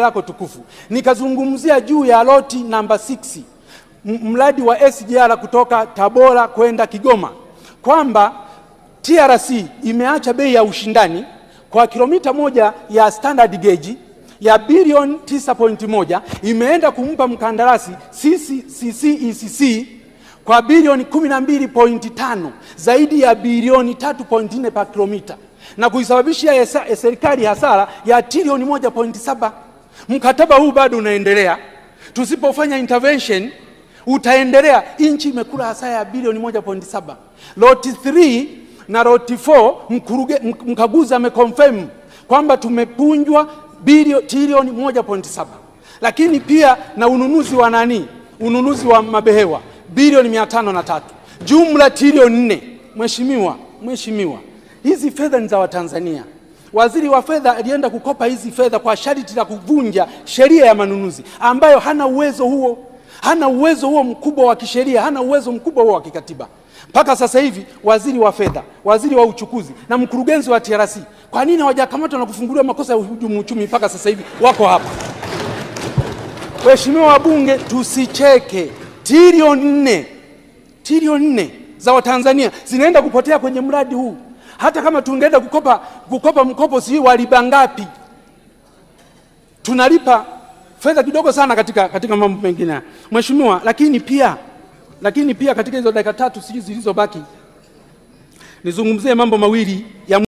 lako tukufu. Nikazungumzia juu ya loti namba 6 mradi wa SGR kutoka Tabora kwenda Kigoma kwamba TRC imeacha bei ya ushindani kwa kilomita moja ya standard gauge ya bilioni 9.1 imeenda kumpa mkandarasi CCECC e kwa bilioni 12.5 zaidi ya bilioni 3.4 pa kilomita na kuisababishia serikali hasara ya trilioni 1.7. Mkataba huu bado unaendelea, tusipofanya intervention utaendelea. Nchi imekula hasara ya bilioni 1.7. Loti 3 na loti 4 mkaguzi amekonfirm kwamba tumepunjwa trilioni 1.7, lakini pia na ununuzi wa nani, ununuzi wa mabehewa bilioni 503, jumla trilioni 4. Mheshimiwa, mheshimiwa, hizi fedha ni za Watanzania. Waziri wa fedha alienda kukopa hizi fedha kwa sharti la kuvunja sheria ya manunuzi ambayo hana uwezo huo, hana uwezo huo mkubwa wa kisheria, hana uwezo mkubwa huo wa kikatiba. Mpaka sasa hivi waziri wa fedha, waziri wa uchukuzi na mkurugenzi wa TRC, kwa nini hawajakamatwa na kufunguliwa makosa ya uhujumu uchumi? Mpaka sasa hivi wako hapa. Waheshimiwa wabunge, tusicheke. Trilioni nne, trilioni nne za Watanzania zinaenda kupotea kwenye mradi huu. Hata kama tungeenda kukopa, kukopa mkopo si waliba ngapi? Tunalipa fedha kidogo sana katika, katika mambo mengine mheshimiwa. Lakini pia, lakini pia katika hizo dakika tatu sijui zilizobaki nizungumzie mambo mawili ya